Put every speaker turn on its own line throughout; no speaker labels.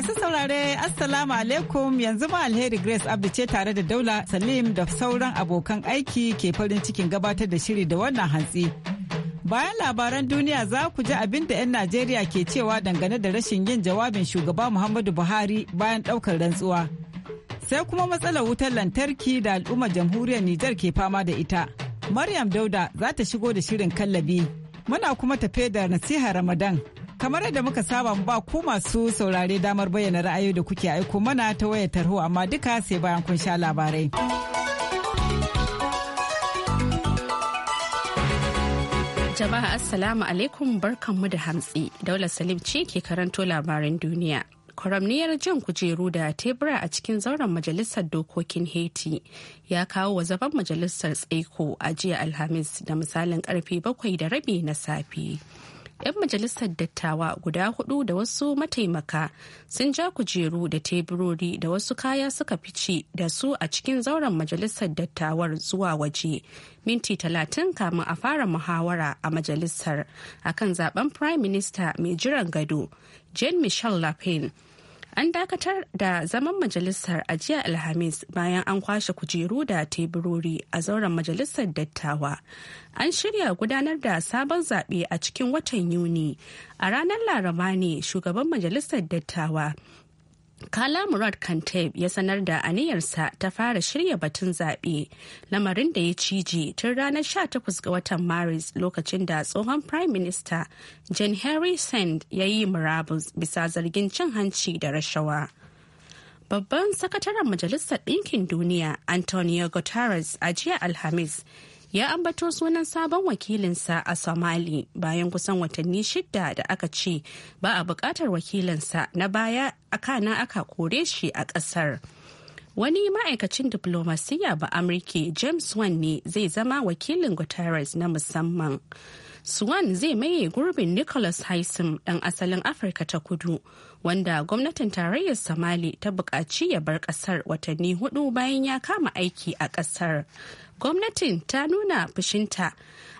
Masu saurare Assalamu alaikum yanzu ma alheri Grace Abdu ce tare da Daula Salim da sauran abokan aiki ke farin cikin gabatar da shiri da wannan hantsi. Bayan labaran duniya za ku ji abin da 'yan Najeriya ke cewa dangane da rashin yin jawabin shugaba Muhammadu Buhari bayan ɗaukar rantsuwa. Sai kuma matsalar wutar lantarki da al'ummar jamhuriyar Nijar ke fama da ita. Maryam Dauda za ta shigo da shirin kallabi. Muna kuma tafe da nasiha Ramadan. kamar yadda muka saba ba ku masu saurare damar bayyana ra'ayoyi da kuke aiko mana ta wayar tarho amma duka sai bayan kun sha labarai.
jama'a assalamu alaikum barkanmu da hantsi daula salim ce ke karanto labarin duniya kwaramniyar jin kujeru da tebura a cikin zauren majalisar dokokin haiti ya kawo wa zaben majalisar tsaiko a jiya alhamis da misalin karfe bakwai da rabi na safe 'yan majalisar dattawa guda hudu da wasu mataimaka sun ja kujeru da teburori da wasu kaya suka fice da su a cikin zauren majalisar dattawar zuwa waje minti talatin kamun a fara muhawara a majalisar akan zaben prime minister mai jiran gado jane michelle lapin an dakatar da zaman majalisar a jiya alhamis bayan an kwashe kujeru da teburori a zauren majalisar dattawa an shirya gudanar da sabon zaɓe a cikin watan yuni a ranar laraba ne shugaban majalisar dattawa Kala Murad Kanteb ya sanar da aniyarsa ta fara shirya batun zaɓe lamarin da ya cije tun ranar 18 ga watan Maris lokacin da tsohon Prime Minister John Henry Sand ya yi murabus bisa zargin cin hanci da rashawa. Babban sakataren Majalisar Ɗinkin Duniya Antonio Guterres a jiya Alhamis ya ambato sunan sabon wakilinsa a somali bayan kusan watanni shida da aka ce ba a bukatar wakilinsa na baya a kana aka kore shi a kasar. wani ma'aikacin diplomasiyya ba amurki james wan ne zai zama wakilin guterres na musamman swan zai maye gurbin nicholas haisim ɗan asalin afirka ta kudu wanda gwamnatin tarayyar samali ta buƙaci ya bar ƙasar watanni hudu bayan ya kama aiki a ƙasar gwamnatin ta nuna fushinta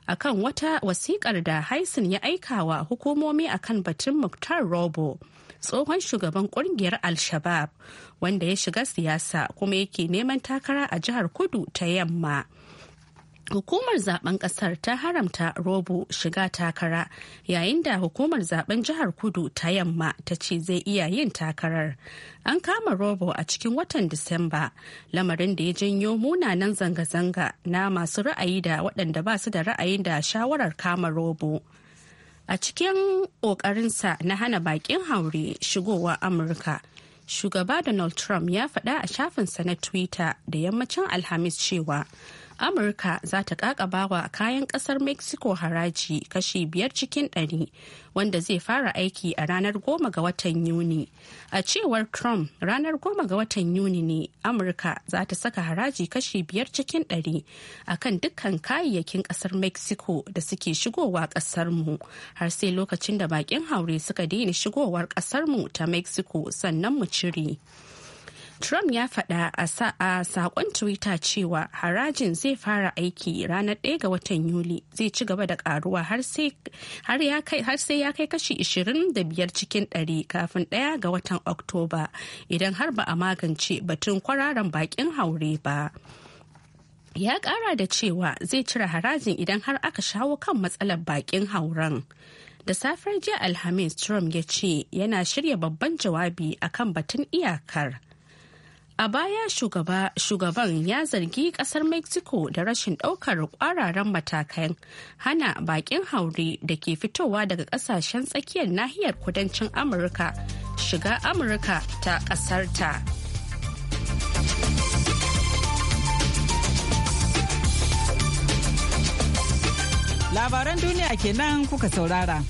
akan wata wasiƙar da haisin ya aikawa hukumomi akan batun muktar robo tsohon shugaban kungiyar al-shabab wanda ya shiga siyasa kuma yake neman takara a jihar kudu ta yamma hukumar zaben kasar ta haramta robo shiga takara yayin da hukumar zaben jihar kudu ta yamma ta ce zai iya yin takarar an kama robo a cikin watan disamba lamarin da ya janyo munanan zanga-zanga na masu ra'ayi da waɗanda ba su da ra'ayin da shawarar kama robo a cikin ƙoƙarinsa na hana baƙin haure shigowa amurka shugaba donald trump ya faɗa a shafinsa na twitter da yammacin alhamis cewa amurka za ta wa kayan kasar mexico haraji kashi biyar cikin ɗari wanda zai fara aiki a ranar goma ga watan yuni a cewar trump ranar goma ga watan yuni ne amurka za ta saka haraji kashi biyar cikin ɗari a kan dukkan kayayyakin kasar mexico da suke shigowa ƙasarmu har sai lokacin da baƙin haure suka daina shigowar ƙasarmu ta mexico sannan mu cire Trump ya faɗa a saƙon Twitter cewa harajin zai fara aiki ranar 1 ga watan Yuli zai ci gaba da ƙaruwa har sai ya kai kashi 25 cikin ɗari kafin ɗaya ga watan Oktoba idan har ba a magance batun kwararan baƙin haure ba. Ya ƙara da cewa zai cire harajin idan har aka shawo kan matsalar baƙin hauren. da safar jiya alhamis trump ya ce yana shirya babban jawabi akan batun iyakar A baya shugaban ya zargi kasar Mexico da rashin daukar kwararan matakan hana bakin haure da ke fitowa daga kasashen tsakiyar nahiyar kudancin Amurka shiga Amurka ta ƙasarta.
Labaran duniya kenan kuka saurara.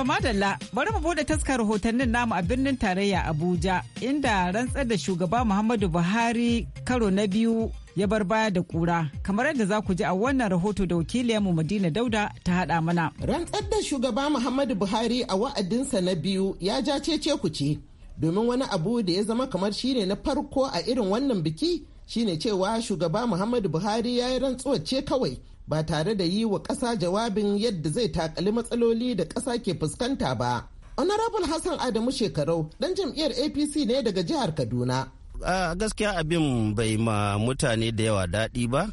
To madalla bari mu bude taskar rahotannin namu a birnin tarayya Abuja inda rantsar da shugaba Muhammadu Buhari karo na biyu ya bar baya da kura kamar yadda za ku ji a wannan rahoto da
wakiliyarmu Madina Dauda ta hada mana. Rantsar da shugaba Muhammadu Buhari a wa'adinsa na biyu ya ja cece ku ce domin wani abu da ya zama kamar shine na farko a irin wannan biki shine cewa shugaba Muhammadu Buhari ya yi rantsuwar ce kawai ba tare da yi wa ƙasa jawabin yadda zai takali matsaloli da ƙasa ke fuskanta ba. Honorable Hassan Adamu Shekarau ɗan jam'iyyar APC ne daga jihar Kaduna.
A gaskiya abin bai ma mutane da yawa daɗi ba.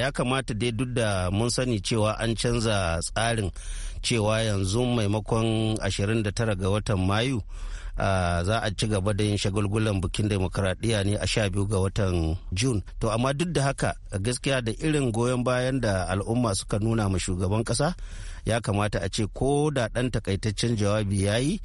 ya kamata dai duk da mun sani cewa an canza tsarin cewa yanzu maimakon 29 ga watan mayu Ah, za a ci gaba da yin shagulgulan bikin demokuraɗiyya ne a sha biyu ga watan june to amma duk da haka gaskiya da irin goyon bayan da al'umma suka nuna ma shugaban ƙasa ya kamata a ce ko da ɗan takaitaccen jawabi ya yi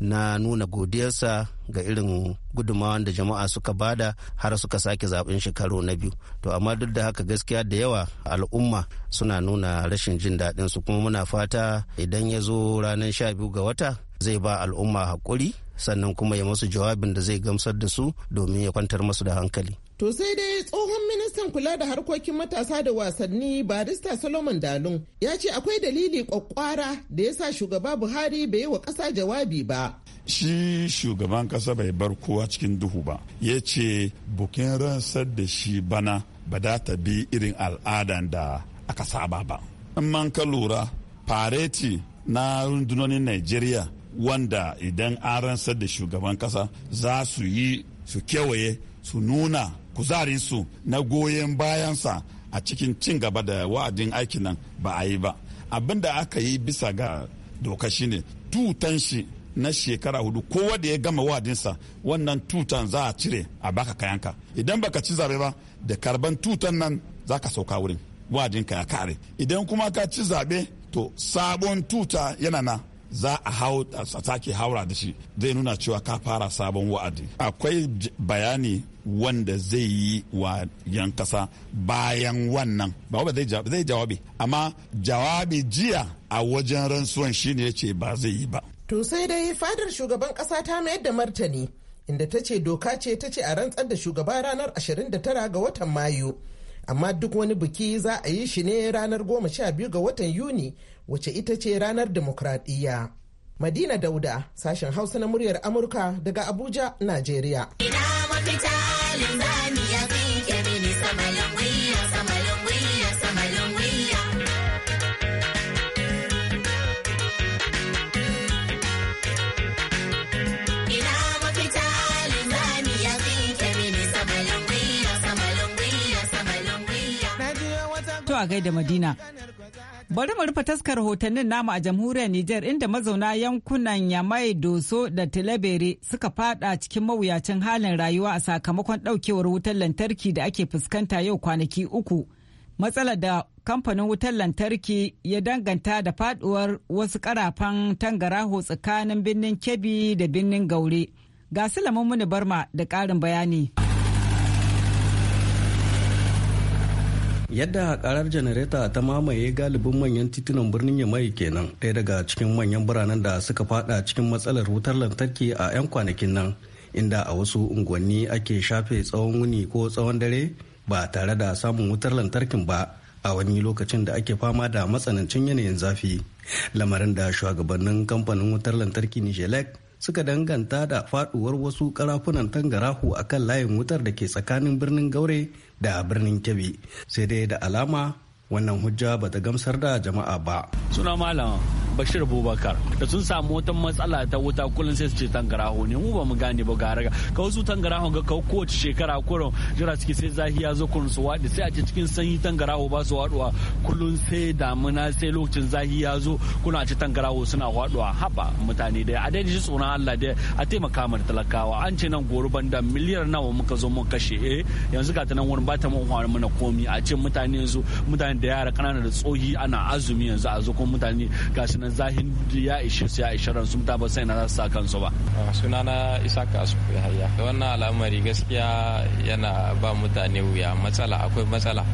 na nuna godiyarsa ga irin gudunmawan da jama'a suka bada har suka sake zaɓen shekaru na biyu to amma duk da haka gaskiya da yawa al'umma suna nuna rashin jin daɗinsu kuma muna fata idan ya zo ranar sha biyu ga wata zai ba al'umma haƙuri sannan kuma ya masu jawabin da zai gamsar da su domin ya kwantar masu da hankali.
To sai dai tsohon ministan kula da harkokin matasa da wasanni barista Solomon Dalun ya ce akwai dalili kwakwara da ya sa shugaba Buhari bai yi wa ƙasa jawabi
ba. Shi shugaban ƙasa bai bar kowa cikin duhu ba. Ya ce bukin ransar da shi bana ba da ta bi irin al'adan da aka saba ba. In man ka lura fareti na rundunonin Najeriya wanda idan an rantsar da shugaban kasa za su yi su kewaye su nuna kuzarinsu na goyon bayansa a cikin cin gaba da wa'adin aikin nan ba a yi ba abin da aka yi bisa ga doka shine tutan shi na shekara hudu kowa da ya gama wa'adinsa wannan tutan za a cire a baka kayanka idan baka ci zabe ba da karban tutan nan za ka sauka wurin wa'adinka ya kare idan kuma ka ci zabe to sabon tuta yana na za a hau a sake haura da shi zai nuna cewa ka fara sabon wa'adi akwai bayani wanda zai yi wa yan kasa bayan wannan ba ba zai jawabi amma jawabi jiya a wajen rantsuwan shine ya ce ba zai yi ba
to sai dai fadar shugaban kasa ta mayar da martani inda ta ce doka ce ta ce a rantsar da shugaba ranar 29 ga watan mayu amma duk wani biki za a yi shi ne ranar goma sha biyu ga watan yuni wace ita ce ranar demokradiyya madina dauda sashen hausa na muryar amurka daga abuja najeriya
gai da Madina. Bari mu rufe taskar hotannin namu a jamhuriyar Nijar inda mazauna yankunan Yamai Doso da Tilabere suka fada cikin mawuyacin halin rayuwa a sakamakon daukewar wutar lantarki da ake fuskanta yau kwanaki uku. Matsalar da kamfanin wutar lantarki ya danganta da faduwar wasu karafan tangaraho tsakanin birnin Kebbi da birnin Gaure. Ga Sulaiman Muni Barma da karin bayani.
yadda karar janareta ta mamaye galibin manyan titunan birnin yamai kenan ɗaya daga cikin manyan biranen da suka fada cikin matsalar wutar lantarki a 'yan kwanakin nan inda a wasu unguwanni ake shafe tsawon wuni ko tsawon dare ba tare da samun wutar lantarkin ba a wani lokacin da ake fama da matsanancin yanayin zafi lamarin da shugabannin kamfanin wutar lantarki nijelek suka danganta da faduwar wasu karafunan tangarahu a kan layin wutar da ke tsakanin birnin gaure da birnin kebbi sai dai da alama wannan hujja ba ta gamsar da jama'a ba suna malama bashir bubakar da sun samu wata matsala ta wuta kullum sai su ce tangaraho ne mu ba mu gane ba gara ga ka wasu tangaraho ga kowace shekara kurin jira suke sai zahi ya zo kurin su waɗi sai a ce cikin sanyi tangaraho ba su waɗuwa kullum sai damuna sai lokacin zahi ya zo kuna ci tangaraho suna waɗuwa haɓa mutane da a daidai tsoron Allah da a taimaka mana talakawa an ce nan goro banda miliyar nawa muka zo mun kashe eh yanzu ga ta nan wurin ba ta mun mana komi a ce mutane yanzu mutane da yara kanana da tsohi ana azumi yanzu a zo kuma mutane ga su nan ganin zahin ya ishe su ya ishe ran sun ba sai na
sa kansu ba sunana ka su yahaya wannan al'amari gaskiya yana ba mutane wuya matsala akwai matsala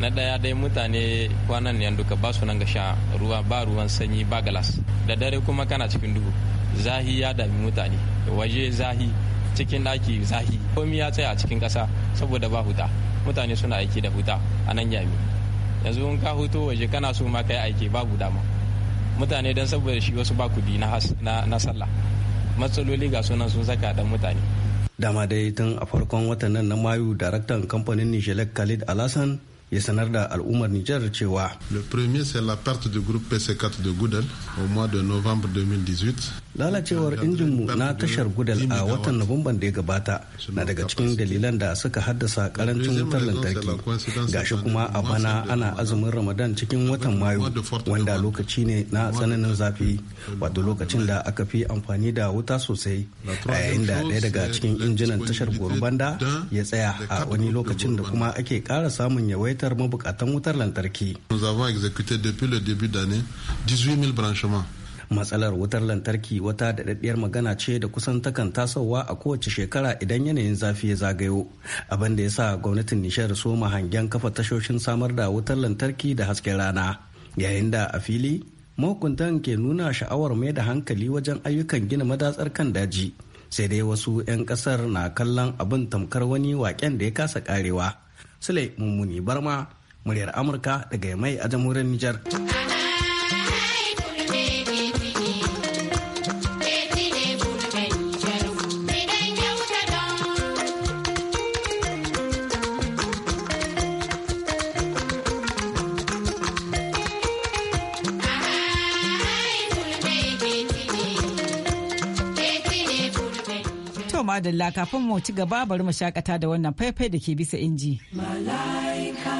na daya dai mutane kwanan ne duka ba su nan ga sha ruwa ba ruwan sanyi ba galas da dare kuma kana cikin duhu zahi ya dami mutane waje zahi cikin ɗaki zahi komi ya tsaya a cikin kasa saboda ba huta mutane suna aiki da huta a nan yami yanzu in ka huto waje kana so ma kai aiki babu dama mutane don saboda shi wasu ba kudi na sallah matsaloli ga sunan sun saka dan mutane dama dai tun a farkon watan nan na
mayu daraktan kamfanin nijelek khalid alasan ya sanar da al'ummar nijar cewa le premier c'est la perte du groupe pc4 de goudel au mois de novembre 2018 lalacewar injinmu na tashar gudal a watan nuwamban da ya gabata na daga cikin dalilan da suka haddasa karancin wutar lantarki gashi kuma a bana ana azumin ramadan cikin watan mayu wanda lokaci ne na tsananin zafi wato lokacin da aka fi amfani da wuta sosai a yayin da ɗaya daga cikin injinan tashar gurbanda ya tsaya a wani lokacin da kuma ake ƙara samun yawaitar mabukatan wutar lantarki. Nous avons exécuté depuis matsalar wutar lantarki wata daɗaɗɗiyar magana ce da kusan takan tasowa a kowace shekara idan yanayin zafi ya zagayo abin da ya sa gwamnatin nishar soma hangen kafa tashoshin samar da wutar lantarki da hasken rana yayin da a fili mahukuntan ke nuna sha'awar mai da hankali wajen ayyukan gina madatsar kan daji sai dai wasu 'yan kasar na kallon abin tamkar wani waken da ya kasa karewa sule mummuni barma muryar amurka daga mai a jamhuriyar
nijar
madalla kafin mu ci gaba bari mu shakata da wannan faifai da ke bisa inji.
Malaika,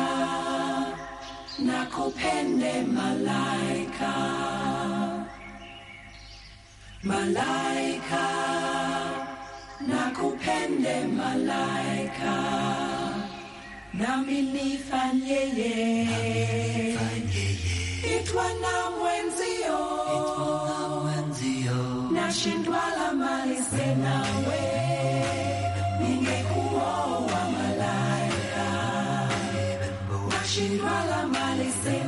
kupende malaika. Malaika, kupende malaika. Nami nifanyeye, itwa na mwenzio, itwa na nashindwa la mali sena we ningekuoa malaika nashindwa la mali sena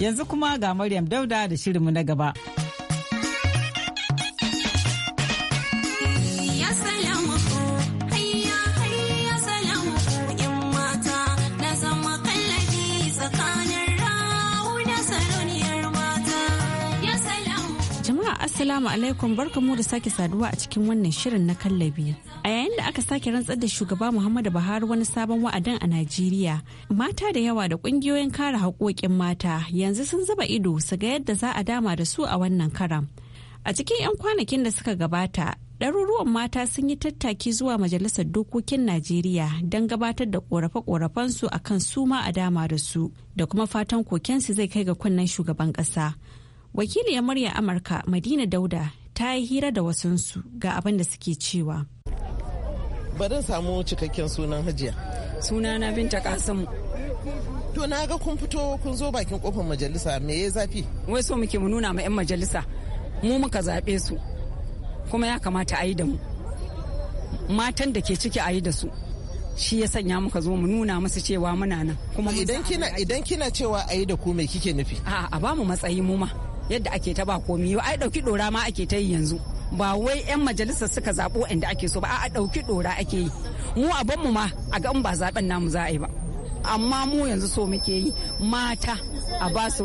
Yanzu kuma ga Maryam Dauda da shirinmu na gaba.
Assalamu alaikum barkamu da sake saduwa a cikin wannan shirin na kallabi A yayin da aka sake rantsar da shugaba Muhammadu Buhari wani sabon wa'adin a Najeriya, mata da yawa da kungiyoyin kare haƙoƙin mata yanzu sun zaba ido su ga yadda za a dama da su a wannan karam. A cikin 'yan kwanakin da suka gabata, ɗaruruwan mata sun yi tattaki zuwa Majalisar Dokokin Najeriya don gabatar da ƙorafe-ƙorafensu a kan su ma a dama da su, da kuma fatan su zai kai ga kunnen shugaban ƙasa. Wakiliyar murya Amurka Madina Dauda ta yi hira da wasansu ga abin da suke cewa.
bari samu cikakken sunan hajiya
sunana binta kasamu to na ga kun fito kun zo bakin kofar majalisa me ya zafi wai so muke mu nuna ma 'yan majalisa mu muka zaɓe su kuma ya kamata a yi da mu matan da ke ciki a yi da su shi ya sanya muka zo mu nuna musu cewa muna nan kuma idan kina idan kina cewa a yi da ku me kike nufi a a ba mu matsayi mu ma yadda ake ta ba komi ai dauki dora ma ake ta yi yanzu ba wai 'yan majalisa suka zaɓo inda ake so ba a ɗauki ɗora ake yi mu abinmu ma a ga in ba zaɓen namu za a yi ba amma mu yanzu so muke yi mata a ba su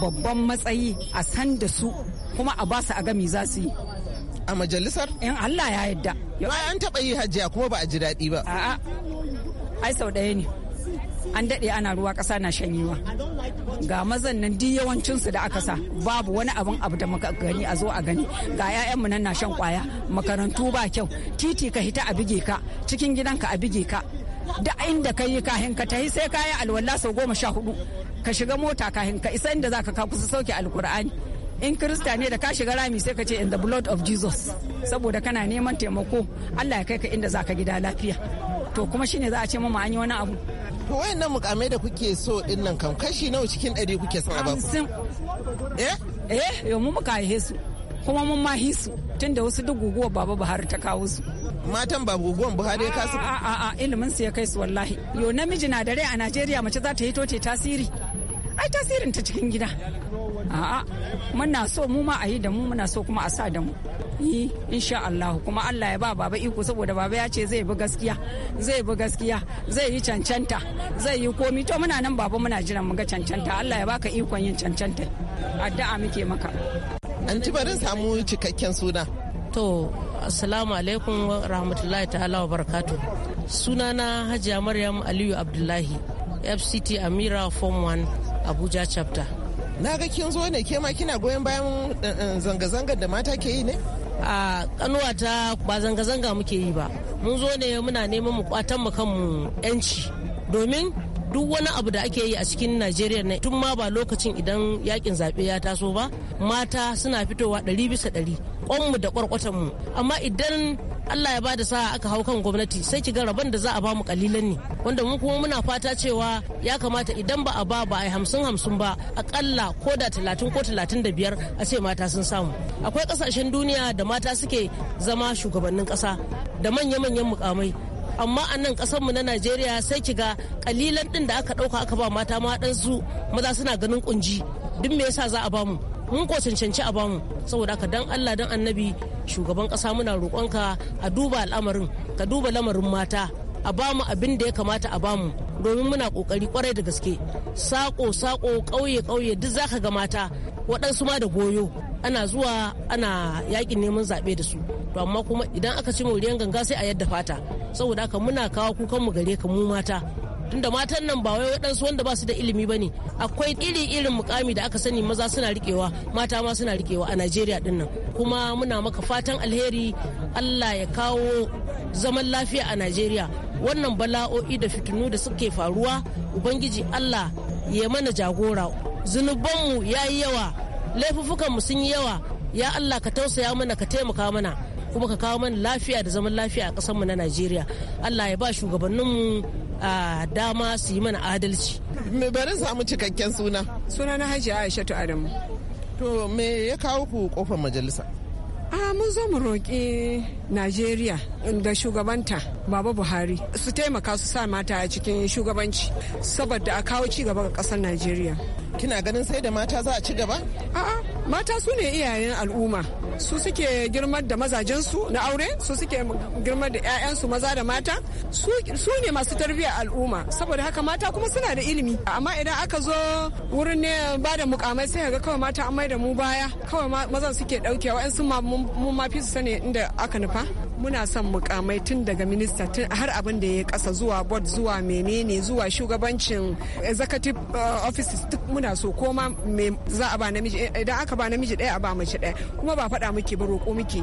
babban matsayi a san da su kuma a ba su a gami za su yi a majalisar in Allah ya yadda an taɓa yi hajjiya kuma ba a ji daɗi ba a'a ai sau ɗaya ne an daɗe ana ruwa ƙasa na shanyewa ga mazan nan duk yawancinsu da aka sa babu wani abin abu da muka gani a zo a gani ga 'ya'yanmu nan na shan kwaya makarantu ba kyau titi ka hita a bige ka cikin gidanka a bige ka da inda ka yi kahin ka tahi sai kayi alwala sau goma sha hudu ka shiga mota kahin ka isa inda zaka ka kusa sauke alkur'ani in kirista ne da ka shiga rami sai ka ce in the blood of jesus saboda kana neman taimako allah ya kai ka inda zaka gida lafiya to kuma shine za a ce mama an yi wani abu to wayannan mukamai da kuke so din nan kam kashi nawa cikin ɗari kuke son a baku eh eh yo mu muka yi su kuma mun ma hisu tunda wasu duk guguwa baba Buhari ta kawo su matan ba guguwan Buhari ya kasu a a ilimin su ya kai su wallahi yo namiji na dare a Najeriya mace za ta hito ce tasiri ai tasirin ta cikin gida a muna so mu ma a yi da mu muna so kuma a sa da mu yi insha Allah kuma Allah ya ba baba iko saboda baba ya ce zai bi gaskiya zai bi gaskiya zai yi cancanta zai yi komi to muna nan baba muna jiran mu ga cancanta Allah ya baka ikon yin cancanta
addu'a muke maka an ci barin samu cikakken suna to assalamu alaikum wa rahmatullahi ta'ala wa barakatu sunana hajiya maryam aliyu abdullahi fct amira form 1 abuja chapter na ga kin zo ne ke ma kina goyon bayan eh, eh, zanga-zangar da mata ke yi ne a kanuwata ba zanga-zanga muke yi ba mun zo ne muna neman mu kwatan mu kanmu yanci domin duk wani abu da ake yi a cikin najeriya ne tun ma ba lokacin idan yakin zaɓe ya taso ba mata suna fitowa ɗari bisa ɗari kwanmu da kwarkwatanmu amma idan Allah ya ba da sa'a aka hau kan gwamnati sai ki ga rabon da za a ba mu kalilan ne wanda mu kuma muna fata cewa ya kamata idan ba a ba ba a yi hamsin hamsin ba akalla ko da talatin ko talatin da biyar a ce mata sun samu akwai kasashen duniya da mata suke zama shugabannin kasa da manya-manyan mukamai amma a nan mu na najeriya sai ki ga kalilan din da aka ɗauka aka ba mata ma ɗansu maza suna ganin kunji duk me yasa za a bamu mun ko cancanci a bamu saboda ka dan Allah dan annabi shugaban kasa muna ka a duba al'amarin ka duba lamarin mata a bamu abin da ya kamata a bamu domin muna kokari kwarai da gaske sako sako kauye kauye duk zaka ga mata waɗansu ma da goyo ana zuwa ana yakin neman zaɓe da su to amma kuma idan aka ci moriyan ganga sai a yadda fata saboda ka muna kawo kukan mu gare ka mu mata tunda matan nan ba wai waɗansu wanda ba su da ilimi ba ne akwai iri-irin mukami da aka sani maza suna rikewa mata ma suna rikewa a najeriya din nan kuma muna maka fatan alheri allah ya kawo zaman lafiya a najeriya wannan bala'o'i da fitinu da suke faruwa ubangiji allah ya mana jagora zunubanmu ya yi yawa laifuffukanmu sun yi yawa ya allah ka tausaya mana ka taimaka mana kuma ka kawo mana lafiya da zaman lafiya a ƙasarmu na najeriya allah ya ba shugabanninmu a dama su yi mana adalci. Me bari samu cikakken suna? Suna na Hajiya Aishatu
Adamu. To me ya kawo
ku kofar majalisa?
A mun zo mu roƙi Najeriya da shugabanta Baba Buhari su taimaka su sa mata a cikin shugabanci saboda a kawo ci gaba ga ƙasar Najeriya. Kina ganin sai da mata za a ci gaba? A'a mata su ne iyayen al'umma su suke girmar da mazajensu na aure su suke girmar da 'ya'yansu maza da mata su ne masu tarbiyyar al'umma saboda haka mata kuma suna da ilimi amma idan aka zo wurin ne ba da mukamai sai ga kawai mata an mai da mu baya kawai mazan suke daukewa 'yan su ma mun mafi su sani inda aka nufa muna son mukamai tun daga minista tun har abin da ya kasa zuwa board zuwa menene zuwa shugabancin executive uh, offices duk muna so koma me za a ba namiji eh, idan aka ba namiji ɗaya a ba mace ɗaya kuma ba faɗa muke ba roƙo muke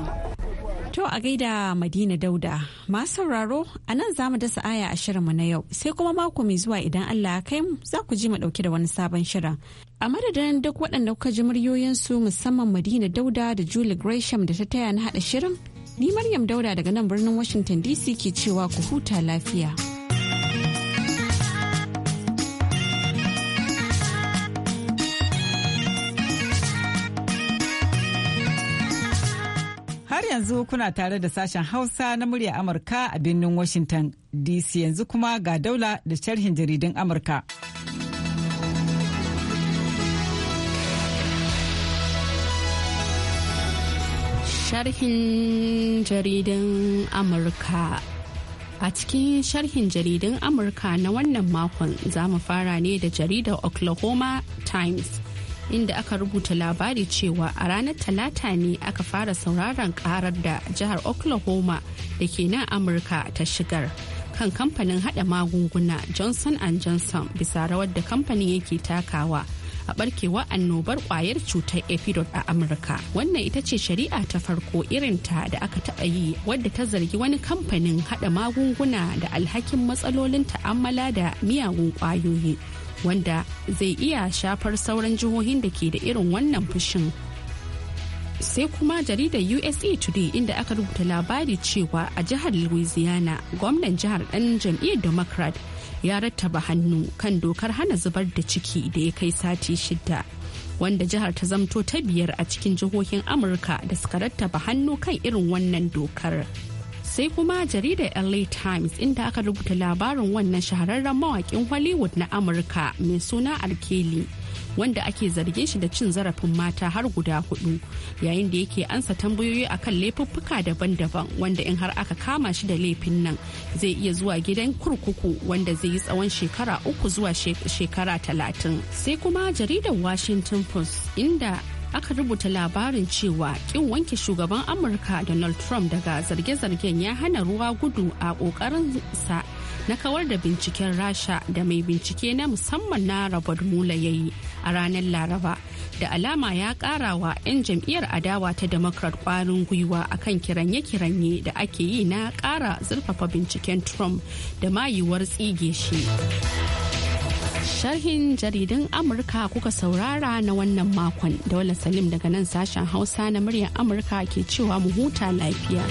To a gaida Madina Dauda, masu sauraro a nan za mu dasa aya a shirin mu na yau sai kuma mako mai zuwa idan Allah ya kai mu za ku ji mu ɗauki da wani sabon shirin. A madadin duk waɗanda kuka ji muryoyinsu musamman Madina Dauda da Julie Gresham da ta taya na haɗa shirin, Ni Maryam Dauda daga nan birnin Washington DC ke cewa ku huta lafiya.
Har yanzu kuna tare da sashen Hausa na murya Amurka a birnin Washington DC yanzu kuma ga daula da sharhin jaridun Amurka.
sharhin jaridan Amurka. A cikin sharhin jaridan Amurka na wannan makon za mu fara ne da jaridar Oklahoma Times inda aka rubuta labari cewa a ranar talata ne aka fara sauraron karar da jihar Oklahoma da ke nan Amurka ta shigar kan kamfanin hada magunguna Johnson Johnson bisa rawar da kamfanin yake takawa a barkewar annobar kwayar cutar epidot a amurka wannan ita ce shari'a ta farko irin ta da aka taɓa yi wadda ta zargi wani kamfanin haɗa magunguna da alhakin matsalolin ta'ammala da miyagun ƙwayoyi wanda zai iya shafar sauran jihohin da ke da irin wannan fushin sai kuma jaridar usa today inda aka rubuta labari cewa a jihar louisiana gwamnan jihar ɗan jam'iyyar democrat ya rattaba hannu kan dokar hana zubar da ciki da ya kai sati shida wanda jihar ta zamto ta biyar a cikin jihohin amurka da suka rattaba hannu kan irin wannan dokar sai kuma jaridar la times inda aka rubuta labarin wannan shahararren mawakin hollywood na amurka mai suna alkeli wanda ake zargin shi da cin zarafin mata har guda hudu yayin da yake ansa tambayoyi akan laifuffuka daban-daban wanda in har aka kama shi da laifin nan zai iya zuwa gidan kurkuku wanda zai yi tsawon shekara uku zuwa shekara talatin sai kuma jaridar washington post inda aka rubuta labarin cewa kin wanke shugaban amurka donald trump daga zarge-zargen ya hana ruwa gudu a kokarin sa na kawar da binciken rasha da mai bincike na musamman na robert mula ya yi a ranar laraba da alama ya kara 'yan jam'iyyar adawa ta democrat kwarin gwiwa akan kiranye-kiranye da ake yi na kara zurfafa binciken trump da mayuwar tsige shi sharhin jaridun amurka kuka saurara na wannan makon daula salim daga nan sashen hausa na muryar amurka ke cewa mu huta lafiya.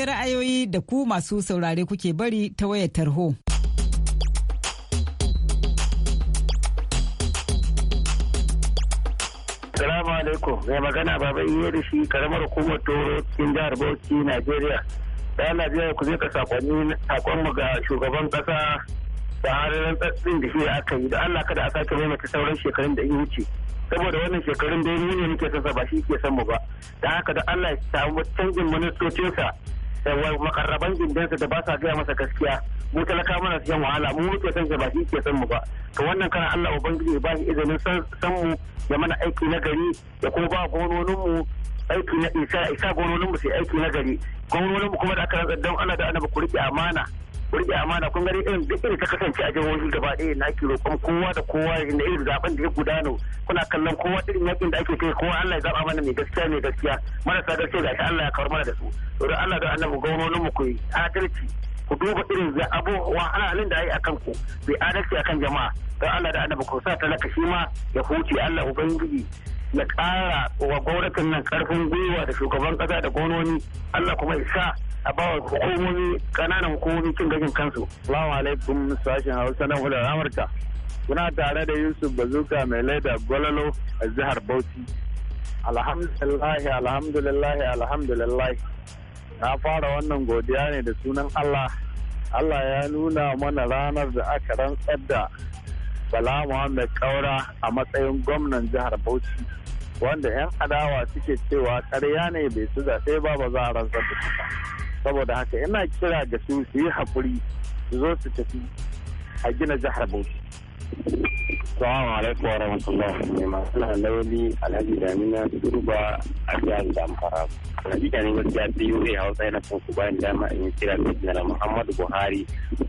sai ra'ayoyi da ku masu saurare kuke bari ta wayar tarho.
Salamu alaikum, mai magana baba iya da shi karamar hukumar Toro cikin jihar Bauchi, Najeriya. Da Najeriya ku zai ka sakonmu ga shugaban ƙasa da harin tsatsin da shi aka yi da Allah kada a sake mata sauran shekarun da in wuce. saboda wannan shekarun da ne muke son sa ba shi ke son mu ba da haka da Allah ya samu canjin ministocinsa da makarraban gindinsa da ba sa gaya masa gaskiya mu talaka mana su yan wahala mu muke san ba shi ke san mu ba to wannan kana Allah ubangiji ba shi izinin san mu ya mana aiki na gari ya kuma ba gononin mu aiki na isa isa gononin mu sai aiki na gari gononin mu kuma da aka rantsar don Allah da annabi ku rike amana burge amana kun gani irin duk irin ta kasance a jihohi gaba ɗaya na ki roƙon kowa da kowa da irin zaben da ya gudano kuna kallon kowa irin yakin da ake kai kowa Allah ya zaba mana mai gaskiya mai gaskiya marasa gaskiya ga shi Allah ya kawar mana da su don Allah da annabi gwamnonin mu ku adalci ku duba irin abu wahalalin da yi kan ku bai adalci a kan jama'a don Allah da annabi ku sa talaka shi ma ya huce Allah ubangiji ya ƙara wa gwamnatin nan ƙarfin gwiwa da shugaban ƙasa da gwamnoni Allah kuma ya sa a bawa hukumomi kananan hukumomi cin gashin kansu. Salamu alaikum sashen Hausa na Hular Amurka. Kuna tare da Yusuf Bazuka mai laida Gwalalo a jihar Bauchi. Alhamdulillahi alhamdulillahi alhamdulillahi. Na fara wannan godiya ne da sunan Allah. Allah ya nuna mana ranar da aka rantsar da Bala Muhammad Kaura a matsayin gwamnan jihar Bauchi. wanda 'yan adawa suke cewa karya ne bai su zaɓe ba ba za a rantsar da saboda haka ina kira ga su su yi haƙuri su zo su tafi a gina jihar bauchi Salamu alaikum wa rahmatullah mai masu laulali alhaji damina turba a jihar zamfara. Alhaji ne gaskiya wuri a wasu yana son ku bayan dama in yi kira da janar Muhammadu Buhari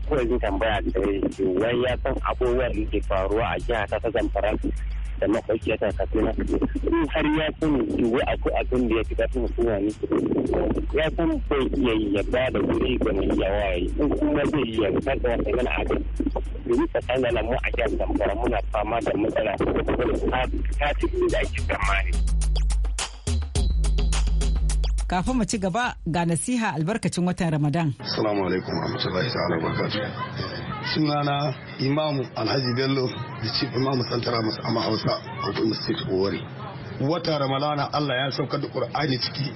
ko yanzu tambaya da wai ya san abubuwan da ke faruwa a jihar ta zamfara sannan sauki ya taka in har ya sani dubu akwai abin da ya fi kafin suna ne ya san bai iya yi ya ba da wuri ga mai yawa yi in kuma zai yi yadda da wata yana abin domin tsakanin da mu a jihar zamfara muna fama da matsala ta cikin da ake
kafin mu ci gaba ga nasiha albarkacin watan ramadan.
Assalamu alaikum wa rahmatullahi ta'ala wa sunana imamu alhaji bello da chief imamu santara masu ama hausa kuma mistake owari wata ramalana allah ya saukar da qur'ani ciki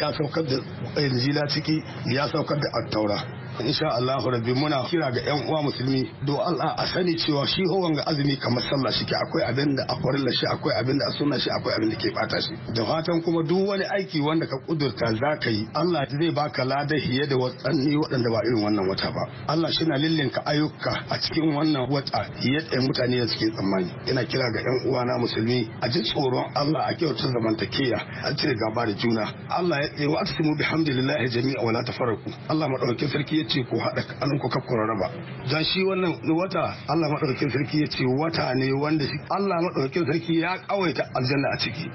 ya saukar da injila ciki ya saukar da attaura insha Allahu rabbi muna kira ga yan uwa musulmi do Allah a sani cewa shi howan ga azumi kamar sallah shi ke akwai abin da a farilla shi akwai abin a sunna shi akwai abin ke bata shi da fatan kuma duk wani aiki wanda ka kudurta za ka yi Allah zai baka lada hiye da watsanni waɗanda ba irin wannan wata ba Allah shi na ka ayyuka a cikin wannan wata hiye da mutane da suke tsammani ina kira ga yan uwa na musulmi a ji tsoron Allah a kyautar zamantakeya a cire gaba da juna Allah ya tsaye wa asimu bihamdillahi jami'a wala tafarraku Allah madaukakin sarki ya ce ku haɗa kanin ku kakku rarraba dan shi wannan wata Allah maɗaukakin sarki ya ce wata ne wanda Allah maɗaukakin sarki ya kawaita aljanna a ciki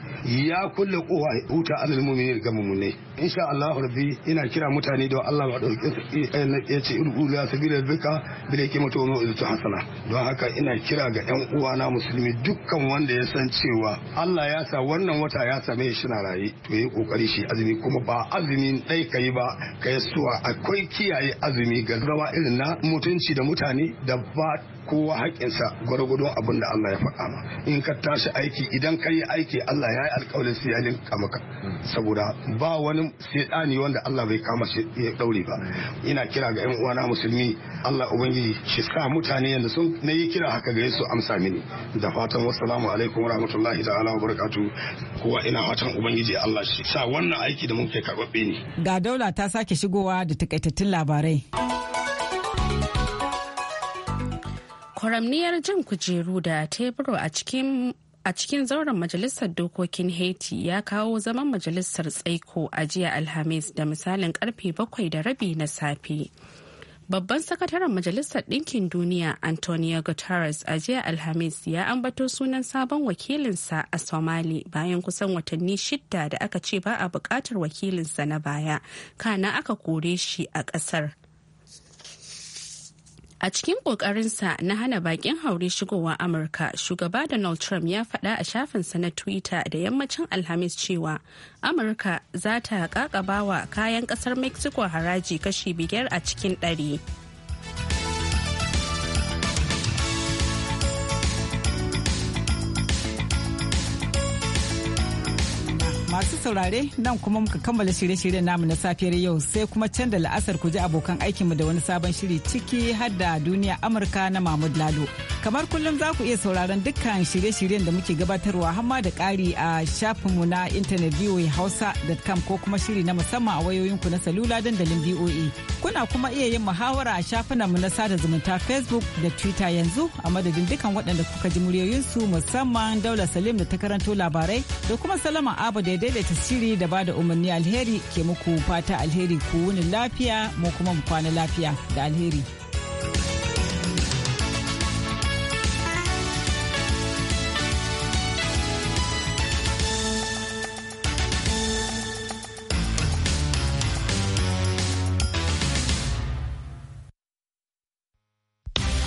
ya kulle ya huta alal mu'minin ga mu'minai insha Allah rabbi ina kira mutane da Allah maɗaukakin sarki eh, ya ce irku la sabila bika bi hikmatu wa hasana don haka ina kira ga yan uwana musulmi dukkan wanda ya san cewa Allah ya sa wannan wata ya same shi na raye to yi kokari shi azumi kuma ba azumin ka kai ba kai suwa akwai kiyaye azumi ga zama irin na mutunci da mutane da ba kowa haƙƙinsa gwargwado abin da Allah ya faɗa ma in ka tashi aiki idan ka yi aiki Allah ya yi alƙawarin su ya linka maka saboda ba wani sai wanda Allah bai kama shi ya daure ba ina kira ga 'yan uwana musulmi Allah ubangiji shi sa mutane yanzu sun na yi kira haka gare su amsa mini da fatan wassalamu alaikum wa rahmatullahi ta'ala wa barakatu kowa ina fatan ubangiji Allah shi sa wannan aiki da mun kai karɓaɓɓe ne
ga daula ta sake shigowa da takaitattun labarai
kwaramniyar jan kujeru da teburu a cikin a cikin zauren majalisar dokokin haiti ya kawo zaman majalisar tsaiko a jiya alhamis da misalin karfe bakwai da rabi na safe babban sakataren majalisar ɗinkin duniya antonio guterres a jiya alhamis ya ambato sunan sabon wakilinsa a somali bayan kusan watanni shidda da aka ce ba a buƙatar wakilinsa na baya kana aka kore shi a ƙasar A cikin ƙoƙarinsa na hana baƙin haure shigowa Amurka, shugaba Donald Trump ya faɗa a shafinsa na Twitter da yammacin Alhamis cewa Amurka za ta ƙaƙabawa kayan ƙasar Mexico haraji kashi biyar a cikin ɗari.
Masu saurare nan kuma muka kammala shirye-shiryen namu na safiyar yau sai kuma can da la'asar ku ji abokan aikinmu da wani sabon shiri ciki har da duniya Amurka na Mahmud Lalo. Kamar kullum za ku iya sauraron dukkan shirye-shiryen da muke gabatarwa hamma da ƙari a shafinmu na intanet hausa.com ko kuma shiri na musamman a wayoyinku na salula dandalin VOA. Kuna kuma iya yin muhawara a shafinanmu na sada zumunta Facebook da Twitter yanzu a madadin dukkan waɗanda kuka ji muryoyinsu musamman Daula Salim da ta karanto labarai da kuma Salama Abu da daidaita siri da ba da umarni alheri ke muku fata alheri ku wuni lafiya mu kuma mu kwana lafiya da alheri.